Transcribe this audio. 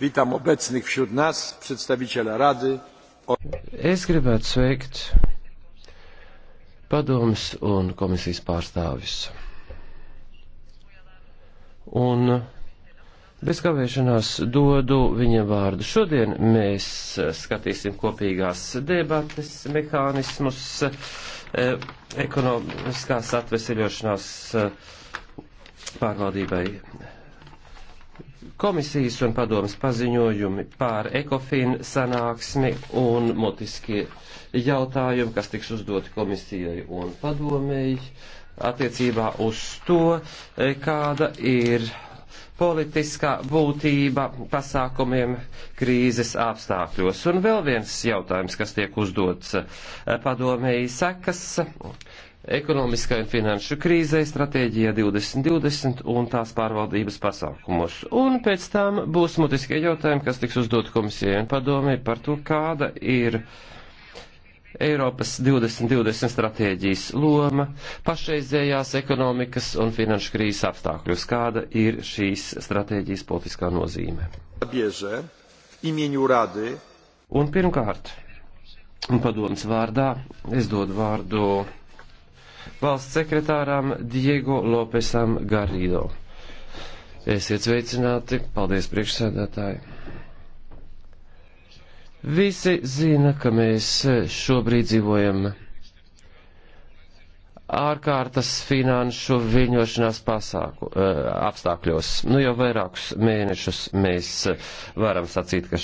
Witam obecnych wśród nas przedstawiciela Rady. Es gribētu sveikt padomas un komisijas pārstāvis. Un bez kavēšanās dodu viņam vārdu. Šodien mēs skatīsim kopīgās debates, mehānismus, e, ekonomiskās atveseļošanās e, pārvaldībai Komisijas un padomas paziņojumi pār ekofīnu sanāksmi un mutiskie jautājumi, kas tiks uzdoti komisijai un padomēji attiecībā uz to, eh, kāda ir politiskā būtība pasākumiem krīzes apstākļos. Un vēl viens jautājums, kas tiek uzdots eh, padomēji sekas ekonomiskai un finanšu krīzei, stratēģijā 2020 un tās pārvaldības pasākumos. Un pēc tam būs mutiskie jautājumi, kas tiks uzdot komisijai un padomē par to, kāda ir uh, Eiropas 2020 stratēģijas loma pašreizējās ekonomikas un finanšu krīzes apstākļos, kāda ir šīs stratēģijas politiskā nozīme. Un pirmkārt, un padomas vārdā, es dodu vārdu valsts sekretāram Diego Lopesam Garrido. Esiet sveicināti, paldies priekšsēdētāji! Visi zina, ka mēs šobrīd dzīvojam ārkārtas finanšu viļņošanās pasāku, eh, apstākļos. Nu jau vairākus mēnešus mēs varam sacīt, ka